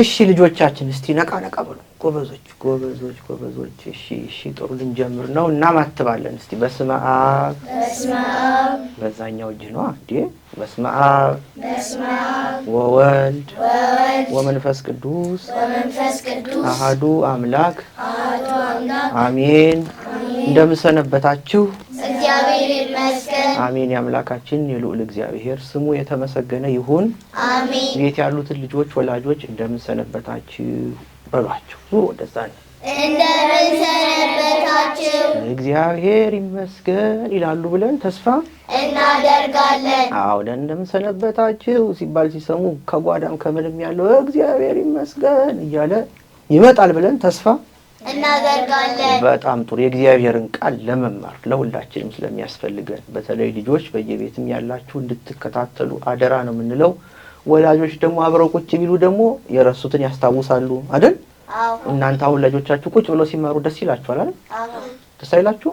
እሺ ልጆቻችን እስቲ ነቃ ነቃ ብሎ ጎበዞች ጎበዞች ጎበዞች። እሺ እሺ ጥሩ ልንጀምር ነው እና ማትባለን እስቲ በስመ አብ በዛኛው እጅ ነው እንዴ? በስመ አብ ወወልድ ወመንፈስ ቅዱስ አሃዱ አምላክ አሜን። እንደምሰነበታችሁ አሜን። የአምላካችን የልዑል እግዚአብሔር ስሙ የተመሰገነ ይሁን። ቤት ያሉትን ልጆች ወላጆች እንደምንሰነበታችሁ በሏቸው። ዙር ወደዛ ነው እንደምንሰነበታችሁ እግዚአብሔር ይመስገን ይላሉ ብለን ተስፋ እናደርጋለን። አሁን እንደምንሰነበታችሁ ሲባል ሲሰሙ ከጓዳም ከምንም ያለው እግዚአብሔር ይመስገን እያለ ይመጣል ብለን ተስፋ እናደርጋለን። በጣም ጥሩ። የእግዚአብሔርን ቃል ለመማር ለሁላችንም ስለሚያስፈልገን በተለይ ልጆች በየቤትም ያላችሁ እንድትከታተሉ አደራ ነው የምንለው። ወላጆች ደግሞ አብረው ቁጭ ቢሉ ደግሞ የረሱትን ያስታውሳሉ አይደል? እናንተ አሁን ልጆቻችሁ ቁጭ ብለው ሲማሩ ደስ ይላችኋል አይደል? ደስ አይላችሁ?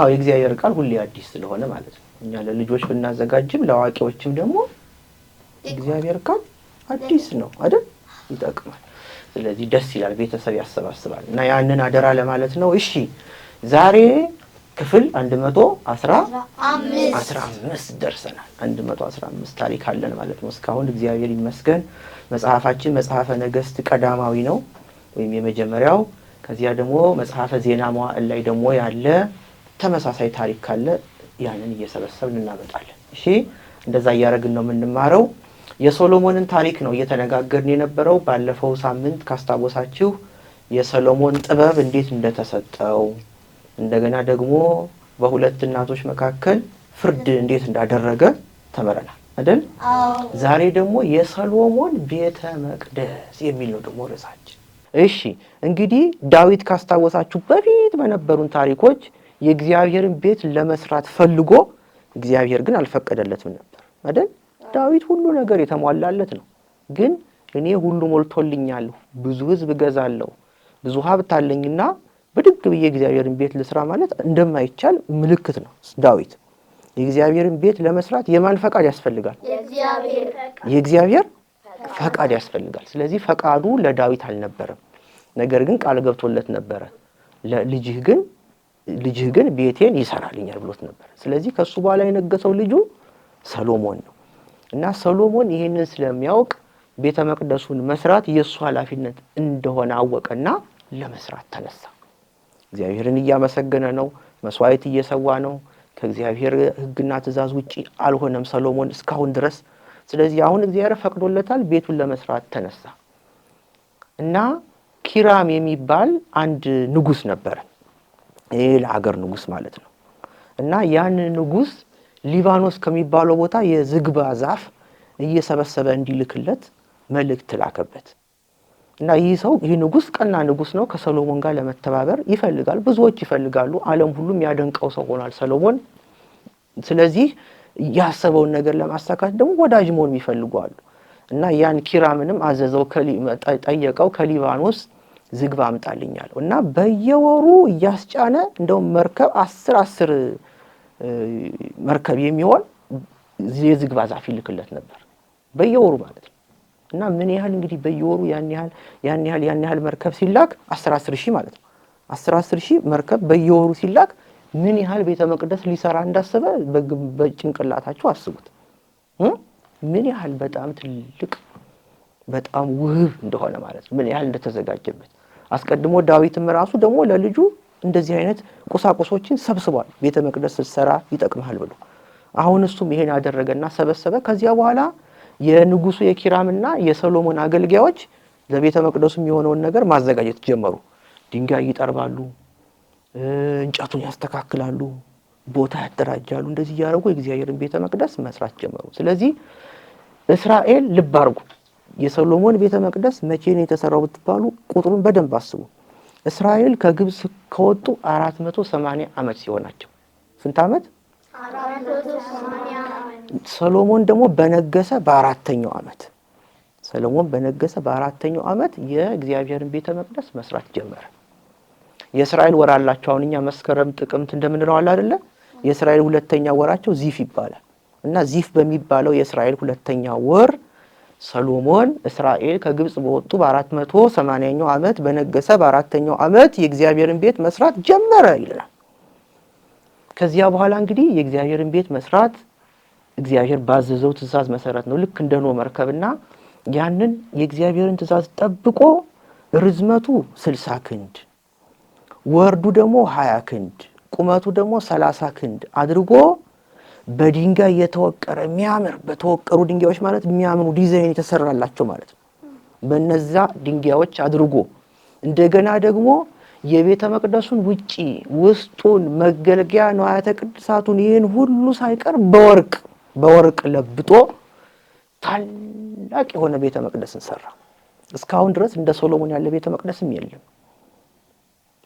አዎ፣ የእግዚአብሔር ቃል ሁሌ አዲስ ስለሆነ ማለት ነው። እኛ ለልጆች ብናዘጋጅም ለአዋቂዎችም ደግሞ እግዚአብሔር ቃል አዲስ ነው አይደል? ይጠቅማል። ስለዚህ ደስ ይላል፣ ቤተሰብ ያሰባስባል እና ያንን አደራ ለማለት ነው። እሺ ዛሬ ክፍል አንድ መቶ አምስት ደርሰናል። አምስት ታሪክ አለን ማለት ነው። እስካሁን እግዚአብሔር ይመስገን። መጽሐፋችን መጽሐፈ ነገስት ቀዳማዊ ነው ወይም የመጀመሪያው። ከዚያ ደግሞ መጽሐፈ ዜና መዋዕል ላይ ደግሞ ያለ ተመሳሳይ ታሪክ ካለ ያንን እየሰበሰብን እናመጣለን። እሺ እንደዛ እያደረግን ነው የምንማረው። የሶሎሞንን ታሪክ ነው እየተነጋገርን የነበረው። ባለፈው ሳምንት ካስታወሳችሁ የሰሎሞን ጥበብ እንዴት እንደተሰጠው እንደገና ደግሞ በሁለት እናቶች መካከል ፍርድ እንዴት እንዳደረገ ተምረናል አይደል? ዛሬ ደግሞ የሰሎሞን ቤተ መቅደስ የሚል ነው ደግሞ ርዕሳችን። እሺ እንግዲህ ዳዊት ካስታወሳችሁ በፊት በነበሩን ታሪኮች የእግዚአብሔርን ቤት ለመስራት ፈልጎ እግዚአብሔር ግን አልፈቀደለትም ነበር አይደል? ዳዊት ሁሉ ነገር የተሟላለት ነው። ግን እኔ ሁሉ ሞልቶልኛል፣ ብዙ ህዝብ እገዛለሁ፣ ብዙ ሀብት አለኝና ብድግ ብዬ እግዚአብሔርን ቤት ልስራ ማለት እንደማይቻል ምልክት ነው። ዳዊት የእግዚአብሔርን ቤት ለመስራት የማን ፈቃድ ያስፈልጋል? የእግዚአብሔር ፈቃድ ያስፈልጋል። ስለዚህ ፈቃዱ ለዳዊት አልነበረም። ነገር ግን ቃል ገብቶለት ነበረ። ልጅህ ግን ልጅህ ግን ቤቴን ይሰራልኛል ብሎት ነበር። ስለዚህ ከሱ በኋላ የነገሰው ልጁ ሰሎሞን ነው። እና ሰሎሞን ይህንን ስለሚያውቅ ቤተ መቅደሱን መስራት የእሱ ኃላፊነት እንደሆነ አወቀና ለመስራት ተነሳ። እግዚአብሔርን እያመሰገነ ነው፣ መስዋዕት እየሰዋ ነው። ከእግዚአብሔር ሕግና ትእዛዝ ውጪ አልሆነም ሰሎሞን እስካሁን ድረስ። ስለዚህ አሁን እግዚአብሔር ፈቅዶለታል፣ ቤቱን ለመስራት ተነሳ እና ኪራም የሚባል አንድ ንጉስ ነበረ። ይህ ለአገር ንጉስ ማለት ነው እና ያን ንጉስ ሊባኖስ ከሚባለው ቦታ የዝግባ ዛፍ እየሰበሰበ እንዲልክለት መልእክት ላከበት እና ይህ ሰው ይህ ንጉስ ቀና ንጉስ ነው። ከሰሎሞን ጋር ለመተባበር ይፈልጋል። ብዙዎች ይፈልጋሉ። አለም ሁሉም ያደንቀው ሰው ሆኗል ሰሎሞን። ስለዚህ ያሰበውን ነገር ለማሳካት ደግሞ ወዳጅ መሆን ይፈልጓሉ እና ያን ኪራምንም አዘዘው፣ ጠየቀው ከሊባኖስ ዝግባ አምጣልኛለሁ እና በየወሩ እያስጫነ እንደውም መርከብ አስር አስር መርከብ የሚሆን የዝግባ ዛፍ ይልክለት ነበር በየወሩ ማለት ነው። እና ምን ያህል እንግዲህ በየወሩ ያን ያህል ያን ያህል ያን ያህል መርከብ ሲላክ አስር አስር ሺህ ማለት ነው አስር አስር ሺህ መርከብ በየወሩ ሲላክ ምን ያህል ቤተ መቅደስ ሊሰራ እንዳሰበ በጭንቅላታችሁ አስቡት። ምን ያህል በጣም ትልቅ በጣም ውህብ እንደሆነ ማለት ነው። ምን ያህል እንደተዘጋጀበት አስቀድሞ ዳዊትም ራሱ ደግሞ ለልጁ እንደዚህ አይነት ቁሳቁሶችን ሰብስቧል። ቤተ መቅደስ ስትሰራ ይጠቅምሃል ብሎ አሁን እሱም ይሄን ያደረገና ሰበሰበ። ከዚያ በኋላ የንጉሱ የኪራምና የሰሎሞን አገልጋዮች ለቤተ መቅደሱ የሚሆነውን ነገር ማዘጋጀት ጀመሩ። ድንጋይ ይጠርባሉ፣ እንጨቱን ያስተካክላሉ፣ ቦታ ያደራጃሉ። እንደዚህ እያደረጉ የእግዚአብሔርን ቤተ መቅደስ መስራት ጀመሩ። ስለዚህ እስራኤል ልብ አድርጉ፣ የሰሎሞን ቤተ መቅደስ መቼ ነው የተሰራው ብትባሉ ቁጥሩን በደንብ አስቡ። እስራኤል ከግብፅ ከወጡ አራት መቶ ሰማንያ ዓመት ሲሆናቸው ስንት ዓመት? ሰሎሞን ደግሞ በነገሰ በአራተኛው ዓመት ሰሎሞን በነገሰ በአራተኛው ዓመት የእግዚአብሔርን ቤተ መቅደስ መስራት ጀመረ። የእስራኤል ወር አላቸው። አሁን እኛ መስከረም፣ ጥቅምት እንደምንለው አለ አይደለ? የእስራኤል ሁለተኛ ወራቸው ዚፍ ይባላል እና ዚፍ በሚባለው የእስራኤል ሁለተኛ ወር ሰሎሞን እስራኤል ከግብጽ በወጡ በአራት መቶ ሰማንያኛው ዓመት በነገሰ በአራተኛው ዓመት የእግዚአብሔርን ቤት መስራት ጀመረ ይላል። ከዚያ በኋላ እንግዲህ የእግዚአብሔርን ቤት መስራት እግዚአብሔር ባዘዘው ትእዛዝ መሰረት ነው። ልክ እንደኖ መርከብና ያንን የእግዚአብሔርን ትእዛዝ ጠብቆ ርዝመቱ ስልሳ ክንድ ወርዱ ደግሞ ሀያ ክንድ ቁመቱ ደግሞ ሰላሳ ክንድ አድርጎ በድንጋይ የተወቀረ የሚያምር በተወቀሩ ድንጋዮች ማለት የሚያምሩ ዲዛይን የተሰራላቸው ማለት ነው። በነዛ ድንጋዮች አድርጎ እንደገና ደግሞ የቤተ መቅደሱን ውጪ ውስጡን መገልገያ ንዋያተ ቅድሳቱን ይህን ሁሉ ሳይቀር በወርቅ በወርቅ ለብጦ ታላቅ የሆነ ቤተ መቅደስን ሰራ። እስካሁን ድረስ እንደ ሶሎሞን ያለ ቤተ መቅደስም የለም።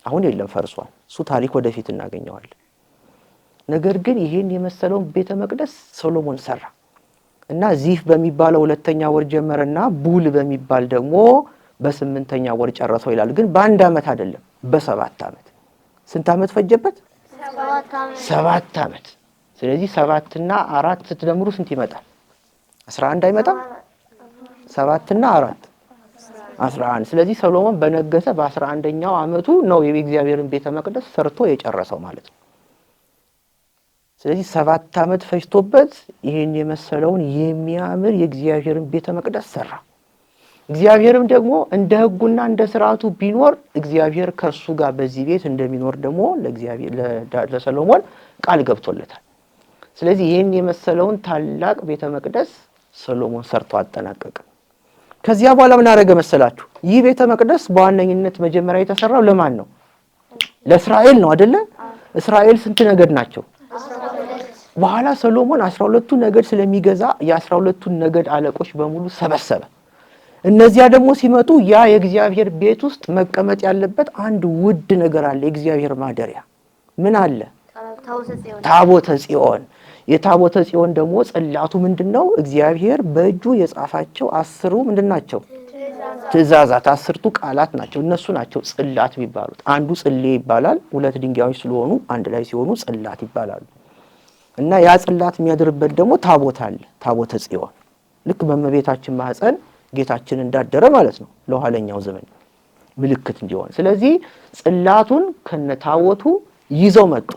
አሁን የለም፣ ፈርሷል። እሱ ታሪክ ወደፊት እናገኘዋለን። ነገር ግን ይሄን የመሰለውን ቤተ መቅደስ ሶሎሞን ሰራ እና ዚፍ በሚባለው ሁለተኛ ወር ጀመረና ቡል በሚባል ደግሞ በስምንተኛ ወር ጨረሰው ይላል። ግን በአንድ አመት አይደለም፣ በሰባት አመት ስንት አመት ፈጀበት? ሰባት አመት ስለዚህ ሰባትና አራት ስትደምሩ ስንት ይመጣል? አስራ አንድ አይመጣም? ሰባትና አራት አስራ አንድ። ስለዚህ ሰሎሞን በነገሰ በአስራ አንደኛው አመቱ ነው የእግዚአብሔርን ቤተ መቅደስ ሰርቶ የጨረሰው ማለት ነው። ስለዚህ ሰባት ዓመት ፈጅቶበት ይህን የመሰለውን የሚያምር የእግዚአብሔርን ቤተ መቅደስ ሰራ። እግዚአብሔርም ደግሞ እንደ ሕጉና እንደ ስርዓቱ ቢኖር እግዚአብሔር ከእርሱ ጋር በዚህ ቤት እንደሚኖር ደግሞ ለሰሎሞን ቃል ገብቶለታል። ስለዚህ ይህን የመሰለውን ታላቅ ቤተ መቅደስ ሰሎሞን ሰርቶ አጠናቀቀ። ከዚያ በኋላ ምን አደረገ መሰላችሁ? ይህ ቤተ መቅደስ በዋነኝነት መጀመሪያ የተሰራው ለማን ነው? ለእስራኤል ነው አደለ? እስራኤል ስንት ነገድ ናቸው? በኋላ ሰሎሞን አስራ ሁለቱ ነገድ ስለሚገዛ የአስራ ሁለቱን ነገድ አለቆች በሙሉ ሰበሰበ። እነዚያ ደግሞ ሲመጡ ያ የእግዚአብሔር ቤት ውስጥ መቀመጥ ያለበት አንድ ውድ ነገር አለ። የእግዚአብሔር ማደሪያ ምን አለ? ታቦተ ጽዮን። የታቦተ ጽዮን ደግሞ ጽላቱ ምንድን ነው? እግዚአብሔር በእጁ የጻፋቸው አስሩ ምንድን ናቸው? ትእዛዛት፣ አስርቱ ቃላት ናቸው። እነሱ ናቸው ጽላት የሚባሉት። አንዱ ጽሌ ይባላል። ሁለት ድንጋዮች ስለሆኑ አንድ ላይ ሲሆኑ ጽላት ይባላሉ። እና ያ ጽላት የሚያድርበት ደግሞ ታቦት አለ። ታቦተ ጽዮን ልክ በመቤታችን ማህፀን ጌታችን እንዳደረ ማለት ነው። ለኋለኛው ዘመን ምልክት እንዲሆን ስለዚህ ጽላቱን ከነታቦቱ ይዘው መጡ።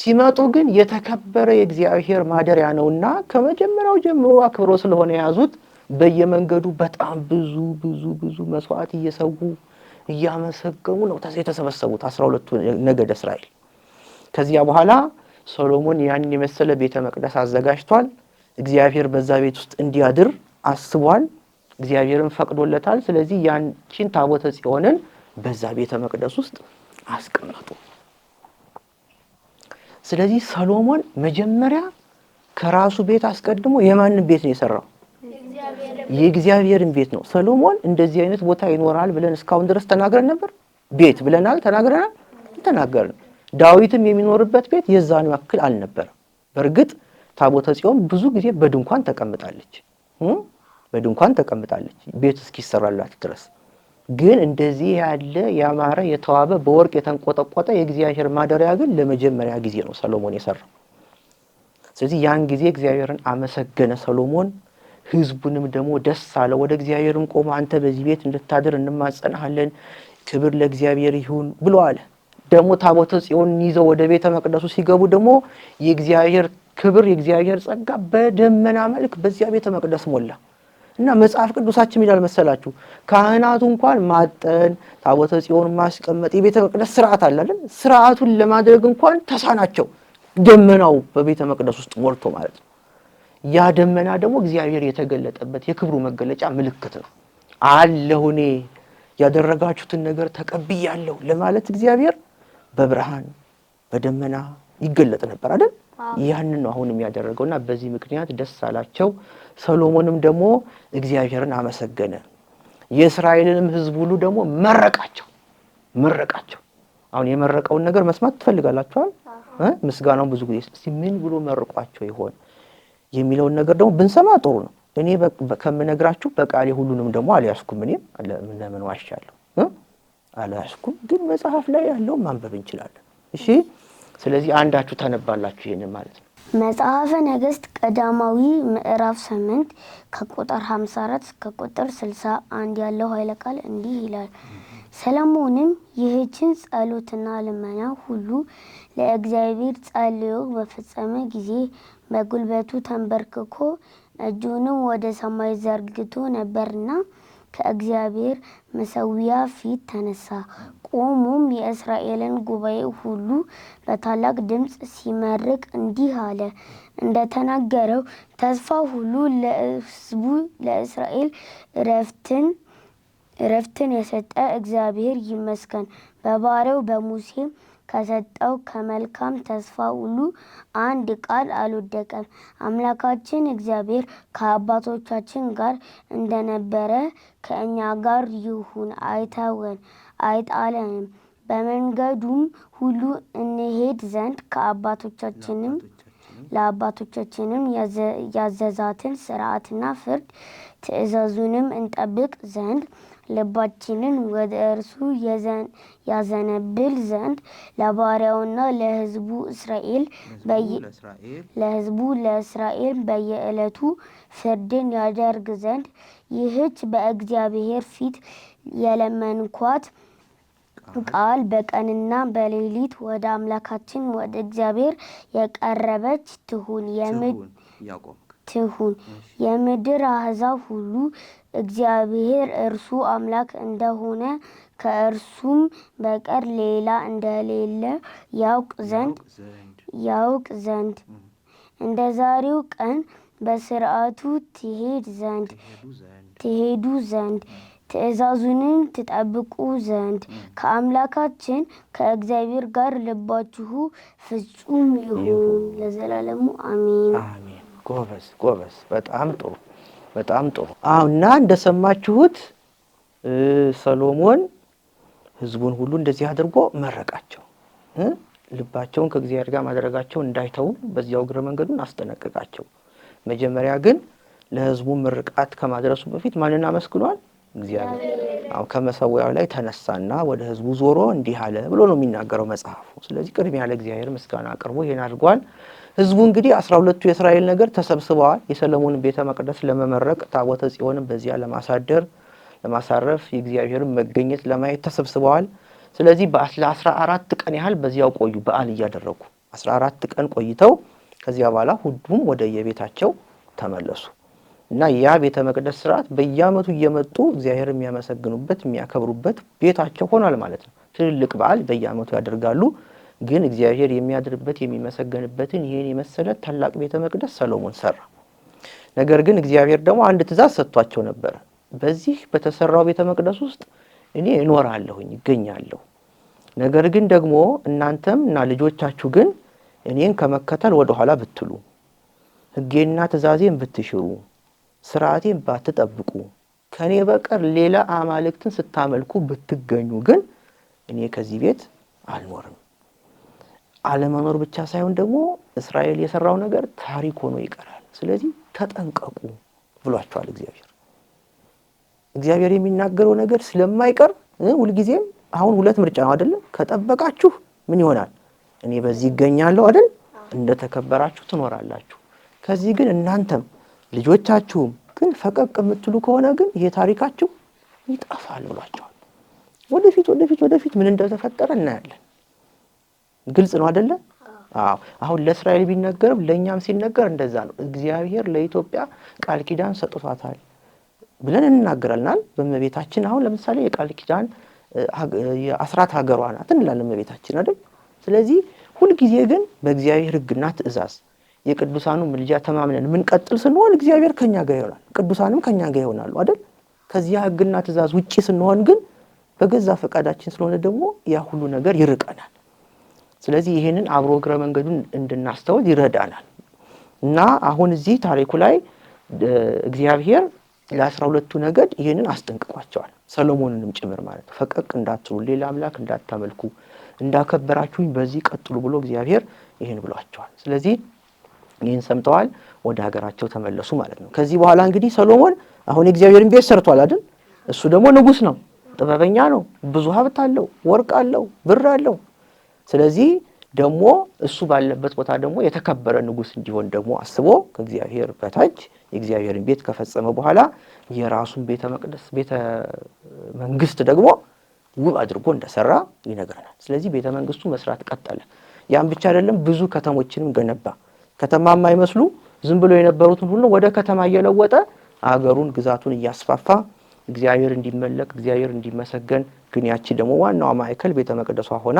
ሲመጡ ግን የተከበረ የእግዚአብሔር ማደሪያ ነውና ከመጀመሪያው ጀምሮ አክብሮ ስለሆነ የያዙት በየመንገዱ በጣም ብዙ ብዙ ብዙ መስዋዕት እየሰዉ እያመሰገኑ ነው የተሰበሰቡት አስራ ሁለቱ ነገደ እስራኤል ከዚያ በኋላ ሰሎሞን ያን የመሰለ ቤተ መቅደስ አዘጋጅቷል። እግዚአብሔር በዛ ቤት ውስጥ እንዲያድር አስቧል። እግዚአብሔርን ፈቅዶለታል። ስለዚህ ያንቺን ታቦተ ጽዮንን በዛ ቤተ መቅደስ ውስጥ አስቀመጡ። ስለዚህ ሰሎሞን መጀመሪያ ከራሱ ቤት አስቀድሞ የማንን ቤት ነው የሰራው? የእግዚአብሔርን ቤት ነው። ሰሎሞን እንደዚህ አይነት ቦታ ይኖራል ብለን እስካሁን ድረስ ተናግረን ነበር? ቤት ብለናል፣ ተናግረናል፣ ተናገርን። ዳዊትም የሚኖርበት ቤት የዛን ያክል አልነበረም። በእርግጥ ታቦተ ጽዮን ብዙ ጊዜ በድንኳን ተቀምጣለች በድንኳን ተቀምጣለች ቤት እስኪሰራላት ድረስ ግን እንደዚህ ያለ ያማረ የተዋበ በወርቅ የተንቆጠቆጠ የእግዚአብሔር ማደሪያ ግን ለመጀመሪያ ጊዜ ነው ሰሎሞን የሰራው። ስለዚህ ያን ጊዜ እግዚአብሔርን አመሰገነ ሰሎሞን። ህዝቡንም ደግሞ ደስ አለ። ወደ እግዚአብሔርም ቆሞ አንተ በዚህ ቤት እንድታድር እንማጸናሃለን፣ ክብር ለእግዚአብሔር ይሁን ብሎ አለ። ደግሞ ታቦተ ጽዮን ይዘው ወደ ቤተ መቅደሱ ሲገቡ ደግሞ የእግዚአብሔር ክብር የእግዚአብሔር ጸጋ በደመና መልክ በዚያ ቤተ መቅደስ ሞላ እና መጽሐፍ ቅዱሳችን ይላል መሰላችሁ ካህናቱ እንኳን ማጠን ታቦተ ጽዮን ማስቀመጥ የቤተ መቅደስ ስርዓት አላለን ስርዓቱን ለማድረግ እንኳን ተሳናቸው ደመናው በቤተ መቅደስ ውስጥ ሞልቶ ማለት ነው ያ ደመና ደግሞ እግዚአብሔር የተገለጠበት የክብሩ መገለጫ ምልክት ነው አለሁኔ ያደረጋችሁትን ነገር ተቀብያለሁ ለማለት እግዚአብሔር በብርሃን በደመና ይገለጥ ነበር አይደል? ያንን ነው አሁንም ያደረገውና በዚህ ምክንያት ደስ አላቸው። ሰሎሞንም ደግሞ እግዚአብሔርን አመሰገነ። የእስራኤልንም ሕዝብ ሁሉ ደግሞ መረቃቸው መረቃቸው። አሁን የመረቀውን ነገር መስማት ትፈልጋላችኋል? ምስጋናውን ብዙ ጊዜ እስቲ ምን ብሎ መርቋቸው ይሆን የሚለውን ነገር ደግሞ ብንሰማ ጥሩ ነው። እኔ ከምነግራችሁ በቃሌ ሁሉንም ደግሞ አልያዝኩም። እኔም ለምን ዋሻለሁ? አልያዝኩም፣ ግን መጽሐፍ ላይ ያለው ማንበብ እንችላለን። እሺ፣ ስለዚህ አንዳችሁ ታነባላችሁ ይሄንን ማለት ነው። መጽሐፈ ነገሥት ቀዳማዊ ምዕራፍ ስምንት ከቁጥር 54 እስከ ቁጥር 61 ያለው ኃይለ ቃል እንዲህ ይላል። ሰለሞንም ይህችን ጸሎትና ልመና ሁሉ ለእግዚአብሔር ጸልዮ በፈጸመ ጊዜ በጉልበቱ ተንበርክኮ እጁንም ወደ ሰማይ ዘርግቶ ነበርና ከእግዚአብሔር መሠዊያ ፊት ተነሳ። ቆሞም የእስራኤልን ጉባኤ ሁሉ በታላቅ ድምፅ ሲመርቅ እንዲህ አለ። እንደተናገረው ተስፋ ሁሉ ለሕዝቡ ለእስራኤል እረፍትን እረፍትን የሰጠ እግዚአብሔር ይመስገን። በባሪያው በሙሴ ከሰጠው ከመልካም ተስፋ ሁሉ አንድ ቃል አልወደቀም። አምላካችን እግዚአብሔር ከአባቶቻችን ጋር እንደነበረ ከእኛ ጋር ይሁን፣ አይተወን፣ አይጣለንም። በመንገዱም ሁሉ እንሄድ ዘንድ ከአባቶቻችንም ለአባቶቻችንም ያዘዛትን ስርዓትና ፍርድ ትእዛዙንም እንጠብቅ ዘንድ ልባችንን ወደ እርሱ ያዘነብል ዘንድ ለባሪያውና ለሕዝቡ እስራኤል ለሕዝቡ ለእስራኤል በየዕለቱ ፍርድን ያደርግ ዘንድ ይህች በእግዚአብሔር ፊት የለመንኳት ቃል በቀንና በሌሊት ወደ አምላካችን ወደ እግዚአብሔር የቀረበች ትሁን። ትሁን። የምድር አሕዛብ ሁሉ እግዚአብሔር እርሱ አምላክ እንደሆነ ከእርሱም በቀር ሌላ እንደሌለ ያውቅ ዘንድ ያውቅ ዘንድ እንደ ዛሬው ቀን በስርዓቱ ትሄድ ዘንድ ትሄዱ ዘንድ ትእዛዙንም ትጠብቁ ዘንድ ከአምላካችን ከእግዚአብሔር ጋር ልባችሁ ፍጹም ይሁን ለዘላለሙ አሜን። ጎበዝ ጎበዝ፣ በጣም ጥሩ በጣም ጥሩ። እና እንደሰማችሁት ሰሎሞን ህዝቡን ሁሉ እንደዚህ አድርጎ መረቃቸው። ልባቸውን ከእግዚአብሔር ጋር ማድረጋቸው እንዳይተው በዚያው እግረ መንገዱን አስጠነቀቃቸው። መጀመሪያ ግን ለህዝቡ ምርቃት ከማድረሱ በፊት ማንን አመስግኗል? እግዚአብሔር። ከመሰዊያው ላይ ተነሳና ወደ ህዝቡ ዞሮ እንዲህ አለ ብሎ ነው የሚናገረው መጽሐፉ። ስለዚህ ቅድሚያ ለእግዚአብሔር ምስጋና አቅርቦ ይሄን አድርጓል። ህዝቡ እንግዲህ አስራ ሁለቱ የእስራኤል ነገር ተሰብስበዋል። የሰለሞንን ቤተ መቅደስ ለመመረቅ ታቦተ ጽዮንም በዚያ ለማሳደር ለማሳረፍ የእግዚአብሔርን መገኘት ለማየት ተሰብስበዋል። ስለዚህ ለአስራ አራት ቀን ያህል በዚያው ቆዩ፣ በዓል እያደረጉ አስራ አራት ቀን ቆይተው ከዚያ በኋላ ሁሉም ወደ የቤታቸው ተመለሱ እና ያ ቤተ መቅደስ ስርዓት በየዓመቱ እየመጡ እግዚአብሔር የሚያመሰግኑበት የሚያከብሩበት ቤታቸው ሆኗል ማለት ነው። ትልልቅ በዓል በየዓመቱ ያደርጋሉ። ግን እግዚአብሔር የሚያድርበት የሚመሰገንበትን ይህን የመሰለ ታላቅ ቤተ መቅደስ ሰሎሞን ሰራ። ነገር ግን እግዚአብሔር ደግሞ አንድ ትእዛዝ ሰጥቷቸው ነበር። በዚህ በተሰራው ቤተ መቅደስ ውስጥ እኔ እኖራለሁኝ ይገኛለሁ። ነገር ግን ደግሞ እናንተም እና ልጆቻችሁ ግን እኔን ከመከተል ወደኋላ ብትሉ፣ ሕጌና ትእዛዜን ብትሽሩ፣ ስርዓቴን ባትጠብቁ፣ ከእኔ በቀር ሌላ አማልክትን ስታመልኩ ብትገኙ ግን እኔ ከዚህ ቤት አልኖርም አለመኖር ብቻ ሳይሆን ደግሞ እስራኤል የሰራው ነገር ታሪክ ሆኖ ይቀራል። ስለዚህ ተጠንቀቁ ብሏቸዋል። እግዚአብሔር እግዚአብሔር የሚናገረው ነገር ስለማይቀር ሁልጊዜም አሁን ሁለት ምርጫ ነው አይደለም? ከጠበቃችሁ ምን ይሆናል? እኔ በዚህ ይገኛለሁ አይደል? እንደተከበራችሁ ትኖራላችሁ። ከዚህ ግን እናንተም ልጆቻችሁም ግን ፈቀቅ የምትሉ ከሆነ ግን ይሄ ታሪካችሁ ይጠፋል ብሏቸዋል። ወደፊት ወደፊት ወደፊት ምን እንደተፈጠረ እናያለን። ግልጽ ነው አደለ? አዎ። አሁን ለእስራኤል ቢነገርም ለእኛም ሲነገር እንደዛ ነው። እግዚአብሔር ለኢትዮጵያ ቃል ኪዳን ሰጥቷታል ብለን እንናገራልናል። በእመቤታችን አሁን ለምሳሌ የቃል ኪዳን የአስራት ሀገሯ ናት እንላለን እመቤታችን አይደል? ስለዚህ ሁልጊዜ ግን በእግዚአብሔር ሕግና ትእዛዝ የቅዱሳኑ ምልጃ ተማምነን የምንቀጥል ስንሆን እግዚአብሔር ከኛ ጋር ይሆናል፣ ቅዱሳንም ከኛ ጋር ይሆናሉ አይደል? ከዚያ ሕግና ትእዛዝ ውጪ ስንሆን ግን በገዛ ፈቃዳችን ስለሆነ ደግሞ ያ ሁሉ ነገር ይርቀናል። ስለዚህ ይሄንን አብሮ እግረ መንገዱን እንድናስተውል ይረዳናል እና አሁን እዚህ ታሪኩ ላይ እግዚአብሔር ለአስራ ሁለቱ ነገድ ይህንን አስጠንቅቋቸዋል። ሰሎሞንንም ጭምር ማለት ነው። ፈቀቅ እንዳትሉ፣ ሌላ አምላክ እንዳታመልኩ፣ እንዳከበራችሁኝ በዚህ ቀጥሉ ብሎ እግዚአብሔር ይህን ብሏቸዋል። ስለዚህ ይህን ሰምተዋል፣ ወደ ሀገራቸው ተመለሱ ማለት ነው። ከዚህ በኋላ እንግዲህ ሰሎሞን አሁን የእግዚአብሔርን ቤት ሰርቷል አይደል? እሱ ደግሞ ንጉስ ነው፣ ጥበበኛ ነው፣ ብዙ ሀብት አለው፣ ወርቅ አለው፣ ብር አለው። ስለዚህ ደግሞ እሱ ባለበት ቦታ ደግሞ የተከበረ ንጉሥ እንዲሆን ደግሞ አስቦ ከእግዚአብሔር በታች የእግዚአብሔርን ቤት ከፈጸመ በኋላ የራሱን ቤተ መቅደስ ቤተ መንግስት ደግሞ ውብ አድርጎ እንደሰራ ይነግረናል። ስለዚህ ቤተ መንግስቱ መስራት ቀጠለ። ያን ብቻ አይደለም፣ ብዙ ከተሞችንም ገነባ። ከተማ የማይመስሉ ዝም ብሎ የነበሩትን ሁሉ ወደ ከተማ እየለወጠ አገሩን ግዛቱን እያስፋፋ እግዚአብሔር እንዲመለክ እግዚአብሔር እንዲመሰገን ግን ያቺ ደግሞ ዋናዋ ማዕከል ቤተ መቅደሷ ሆና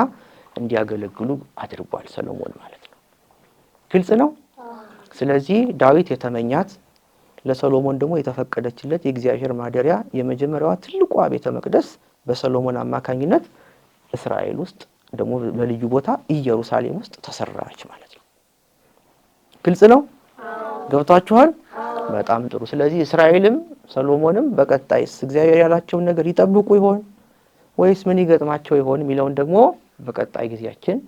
እንዲያገለግሉ አድርጓል ሰሎሞን ማለት ነው። ግልጽ ነው። ስለዚህ ዳዊት የተመኛት ለሰሎሞን ደግሞ የተፈቀደችለት የእግዚአብሔር ማደሪያ የመጀመሪያዋ ትልቋ ቤተ መቅደስ በሰሎሞን አማካኝነት እስራኤል ውስጥ ደግሞ በልዩ ቦታ ኢየሩሳሌም ውስጥ ተሰራች ማለት ነው። ግልጽ ነው። ገብቷችኋል? በጣም ጥሩ። ስለዚህ እስራኤልም ሰሎሞንም በቀጣይስ እግዚአብሔር ያላቸውን ነገር ይጠብቁ ይሆን ወይስ ምን ይገጥማቸው ይሆን የሚለውን ደግሞ በቀጣይ ጊዜያችን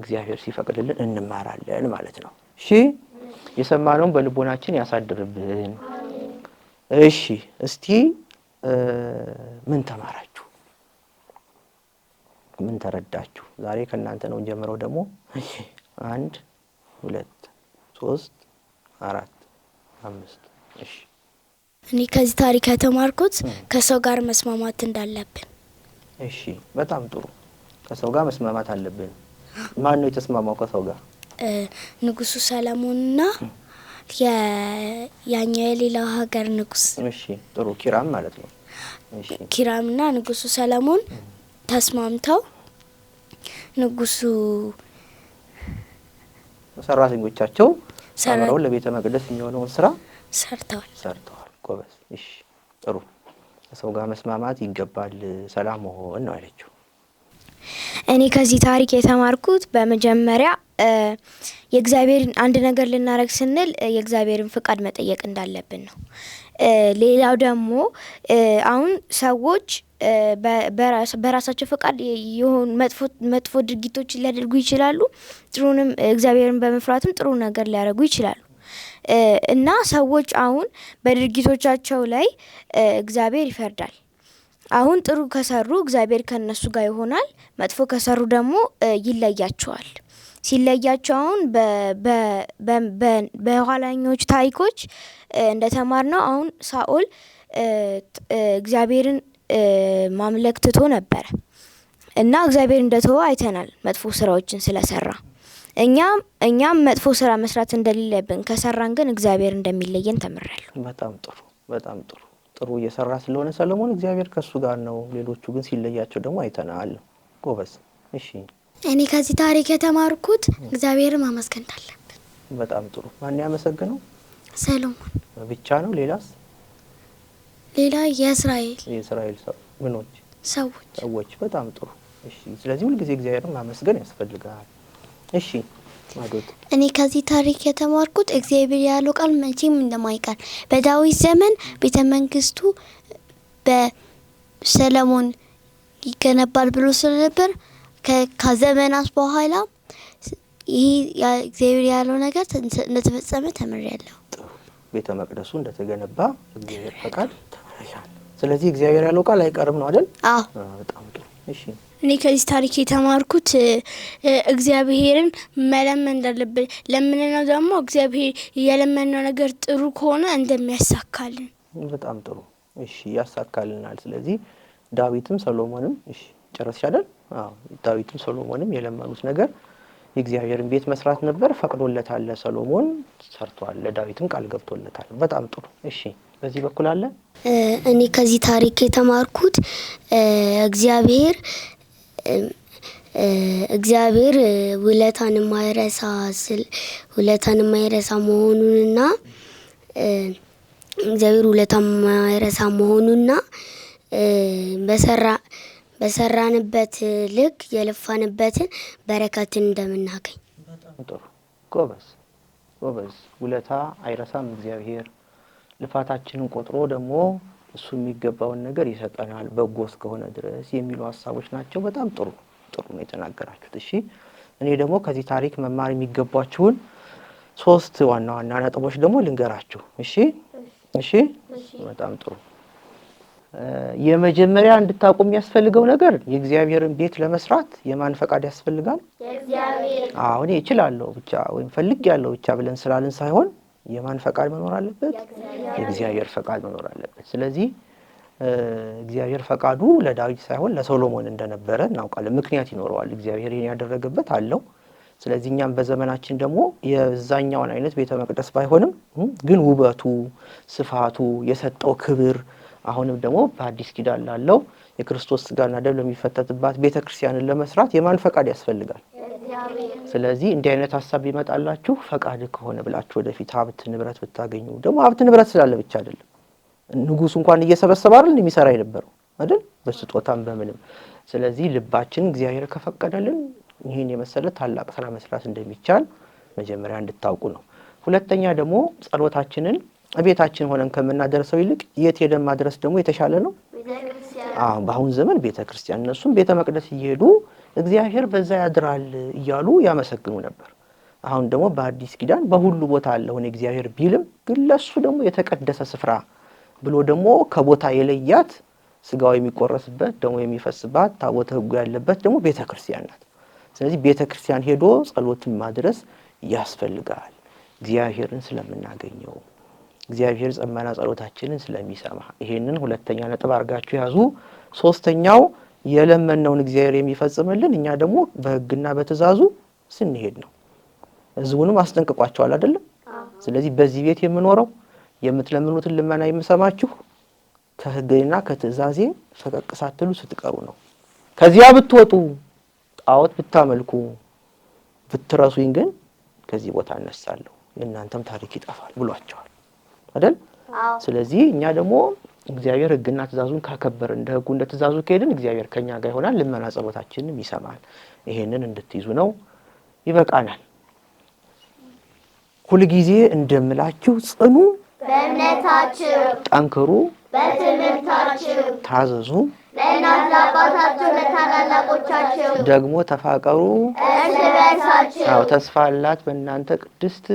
እግዚአብሔር ሲፈቅድልን እንማራለን ማለት ነው። እሺ የሰማነውን በልቦናችን ያሳድርብን። እሺ እስቲ ምን ተማራችሁ? ምን ተረዳችሁ? ዛሬ ከእናንተ ነው ጀምረው ደግሞ አንድ ሁለት ሶስት አራት አምስት እሺ እኔ ከዚህ ታሪክ የተማርኩት ከሰው ጋር መስማማት እንዳለብን። እሺ በጣም ጥሩ ከሰው ጋር መስማማት አለብን። ማን ነው የተስማማው ከሰው ጋር? ንጉሱ ሰለሞንና ያኛው የሌላው ሀገር ንጉስ። እሺ ጥሩ ኪራም ማለት ነው። ኪራምና ንጉሱ ሰለሞን ተስማምተው ንጉሱ ሰራተኞቻቸው አምረው ለቤተ መቅደስ የሚሆነውን ስራ ሰርተዋል ሰርተዋል። ጎበዝ። እሺ ጥሩ። ከሰው ጋር መስማማት ይገባል ሰላም መሆን ነው አለችው። እኔ ከዚህ ታሪክ የተማርኩት በመጀመሪያ የእግዚአብሔርን አንድ ነገር ልናደረግ ስንል የእግዚአብሔርን ፍቃድ መጠየቅ እንዳለብን ነው። ሌላው ደግሞ አሁን ሰዎች በራሳቸው ፈቃድ የሆኑ መጥፎ ድርጊቶችን ሊያደርጉ ይችላሉ። ጥሩንም እግዚአብሔርን በመፍራትም ጥሩ ነገር ሊያደርጉ ይችላሉ እና ሰዎች አሁን በድርጊቶቻቸው ላይ እግዚአብሔር ይፈርዳል። አሁን ጥሩ ከሰሩ እግዚአብሔር ከነሱ ጋር ይሆናል። መጥፎ ከሰሩ ደግሞ ይለያቸዋል። ሲለያቸው አሁን በኋላኞቹ ታሪኮች እንደተማር ነው። አሁን ሳኦል እግዚአብሔርን ማምለክ ትቶ ነበረ እና እግዚአብሔር እንደተወ አይተናል፣ መጥፎ ስራዎችን ስለሰራ። እኛም እኛም መጥፎ ስራ መስራት እንደሌለብን ከሰራን ግን እግዚአብሔር እንደሚለየን ተምራለሁ። በጣም ጥሩ፣ በጣም ጥሩ። ጥሩ እየሰራ ስለሆነ ሰለሞን እግዚአብሔር ከእሱ ጋር ነው። ሌሎቹ ግን ሲለያቸው ደግሞ አይተናል። ጎበዝ። እሺ እኔ ከዚህ ታሪክ የተማርኩት እግዚአብሔርን ማመስገን እንዳለብን። በጣም ጥሩ። ማን ያመሰግነው? ሰሎሞን ብቻ ነው? ሌላስ? ሌላ የእስራኤል የእስራኤል ምኖች ሰዎች ሰዎች። በጣም ጥሩ። እሺ። ስለዚህ ሁልጊዜ እግዚአብሔር ማመስገን ያስፈልጋል። እሺ እኔ ከዚህ ታሪክ የተማርኩት እግዚአብሔር ያለው ቃል መቼም እንደማይቀር በዳዊት ዘመን ቤተ መንግስቱ በሰለሞን ይገነባል ብሎ ስለነበር ከዘመናት በኋላ ይህ እግዚአብሔር ያለው ነገር እንደተፈጸመ ተምሬያለሁ። ቤተ መቅደሱ እንደተገነባ እግዚአብሔር ፈቃድ ስለዚህ እግዚአብሔር ያለው ቃል አይቀርም ነው አይደል? አዎ። በጣም ጥሩ። እሺ እኔ ከዚህ ታሪክ የተማርኩት እግዚአብሔርን መለመን እንዳለብን ለምንነው ደግሞ እግዚአብሔር የለመነው ነገር ጥሩ ከሆነ እንደሚያሳካልን በጣም ጥሩ። እሺ ያሳካልናል። ስለዚህ ዳዊትም ሰሎሞንም እሺ ጨረስሻለን? ዳዊትም ሰሎሞንም የለመኑት ነገር የእግዚአብሔርን ቤት መስራት ነበር። ፈቅዶለታል፣ ሰሎሞን ሰርቷል። ለዳዊትም ቃል ገብቶለታል። በጣም ጥሩ። እሺ በዚህ በኩል አለ። እኔ ከዚህ ታሪክ የተማርኩት እግዚአብሔር እግዚአብሔር ውለታን የማይረሳ ስል ውለታን የማይረሳ መሆኑንና እግዚአብሔር ውለታን የማይረሳ መሆኑና በሰራ በሰራንበት ልክ የለፋንበትን በረከትን እንደምናገኝ። ጥሩ ጎበዝ ጎበዝ። ውለታ አይረሳም እግዚአብሔር ልፋታችንን ቆጥሮ ደግሞ እሱ የሚገባውን ነገር ይሰጠናል በጎ እስከሆነ ድረስ የሚሉ ሀሳቦች ናቸው። በጣም ጥሩ ጥሩ ነው የተናገራችሁት። እሺ እኔ ደግሞ ከዚህ ታሪክ መማር የሚገባችሁን ሶስት ዋና ዋና ነጥቦች ደግሞ ልንገራችሁ። እሺ እሺ፣ በጣም ጥሩ። የመጀመሪያ እንድታውቁ የሚያስፈልገው ነገር የእግዚአብሔርን ቤት ለመስራት የማን ፈቃድ ያስፈልጋል? አዎ ይችላለሁ ብቻ ወይም ያለው ብቻ ብለን ስላልን ሳይሆን የማን ፈቃድ መኖር አለበት? የእግዚአብሔር ፈቃድ መኖር አለበት። ስለዚህ እግዚአብሔር ፈቃዱ ለዳዊት ሳይሆን ለሶሎሞን እንደነበረ እናውቃለን። ምክንያት ይኖረዋል። እግዚአብሔር ይህን ያደረገበት አለው። ስለዚህ እኛም በዘመናችን ደግሞ የዛኛውን አይነት ቤተ መቅደስ ባይሆንም ግን ውበቱ፣ ስፋቱ የሰጠው ክብር አሁንም ደግሞ በአዲስ ኪዳን ላለው የክርስቶስ ሥጋና ደም ለሚፈተትባት ቤተ ክርስቲያንን ለመስራት የማን ፈቃድ ያስፈልጋል? ስለዚህ እንዲህ አይነት ሀሳብ ይመጣላችሁ ፈቃድ ከሆነ ብላችሁ ወደፊት ሀብት ንብረት ብታገኙ ደግሞ ሀብት ንብረት ስላለ ብቻ አይደለም። ንጉሱ እንኳን እየሰበሰበ አይደል የሚሰራ የነበረው አይደል? በስጦታም በምንም። ስለዚህ ልባችን እግዚአብሔር ከፈቀደልን ይህን የመሰለ ታላቅ ስራ መስራት እንደሚቻል መጀመሪያ እንድታውቁ ነው። ሁለተኛ ደግሞ ጸሎታችንን ቤታችን ሆነን ከምናደርሰው ይልቅ የት ሄደን ማድረስ ደግሞ የተሻለ ነው። በአሁን ዘመን ቤተ ክርስቲያን እነሱም ቤተ መቅደስ እየሄዱ እግዚአብሔር በዛ ያድራል እያሉ ያመሰግኑ ነበር። አሁን ደግሞ በአዲስ ኪዳን በሁሉ ቦታ አለሆነ እግዚአብሔር ቢልም ግን ለሱ ደግሞ የተቀደሰ ስፍራ ብሎ ደግሞ ከቦታ የለያት ስጋው የሚቆረስበት ደግሞ የሚፈስባት ታቦተ ህጉ ያለበት ደግሞ ቤተ ክርስቲያን ናት። ስለዚህ ቤተ ክርስቲያን ሄዶ ጸሎትን ማድረስ ያስፈልጋል። እግዚአብሔርን ስለምናገኘው እግዚአብሔር ጸመና ጸሎታችንን ስለሚሰማ ይሄንን ሁለተኛ ነጥብ አርጋችሁ ያዙ። ሶስተኛው የለመነውን እግዚአብሔር የሚፈጽምልን እኛ ደግሞ በህግና በትእዛዙ ስንሄድ ነው። ህዝቡንም አስጠንቅቋቸዋል አይደለም? ስለዚህ በዚህ ቤት የምኖረው የምትለምኑትን ልመና የምሰማችሁ ከህግና ከትእዛዜ ፈቀቅ ሳትሉ ስትቀሩ ነው። ከዚያ ብትወጡ ጣዖት ብታመልኩ ብትረሱኝ ግን ከዚህ ቦታ እነሳለሁ የእናንተም ታሪክ ይጠፋል ብሏቸዋል አይደል? ስለዚህ እኛ ደግሞ እግዚአብሔር ህግና ትእዛዙን ካከበር እንደ ህጉ እንደ ትእዛዙ ከሄድን እግዚአብሔር ከኛ ጋር ይሆናል፣ ልመና ጸሎታችንም ይሰማል። ይሄንን እንድትይዙ ነው። ይበቃናል። ሁልጊዜ እንደምላችሁ ጽኑ በእምነታችሁ፣ ጠንክሩ በትምህርታችሁ፣ ታዘዙ ለእናት ለአባታችሁ ለታላላቆቻችሁ፣ ደግሞ ተፋቀሩ እርስ በርሳችሁ። ተስፋ አላት በእናንተ ቅድስት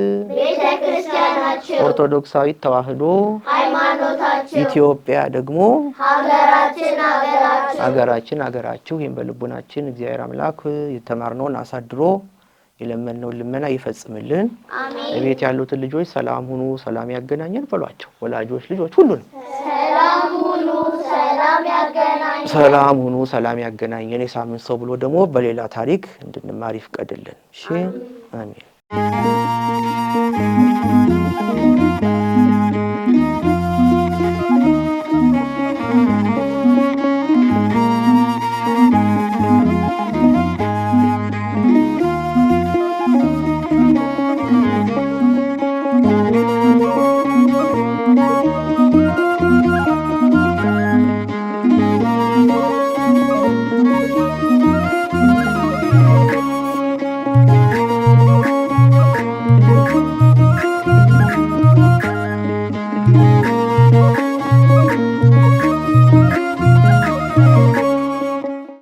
ኦርቶዶክሳዊ ተዋህዶ ሃይማኖታችን፣ ኢትዮጵያ ደግሞ ሀገራችን ሀገራችን ሀገራችን ሀገራችሁ። ይህም በልቡናችን እግዚአብሔር አምላክ የተማርነውን አሳድሮ የለመነውን ልመና ይፈጽምልን። እቤት ያሉትን ልጆች ሰላም ሁኑ፣ ሰላም ያገናኘን በሏቸው። ወላጆች፣ ልጆች፣ ሁሉንም ሰላም ሁኑ፣ ሰላም ያገናኘን። የሳምንት ሰው ብሎ ደግሞ በሌላ ታሪክ እንድንማር ይፍቀድልን። እሺ፣ አሜን።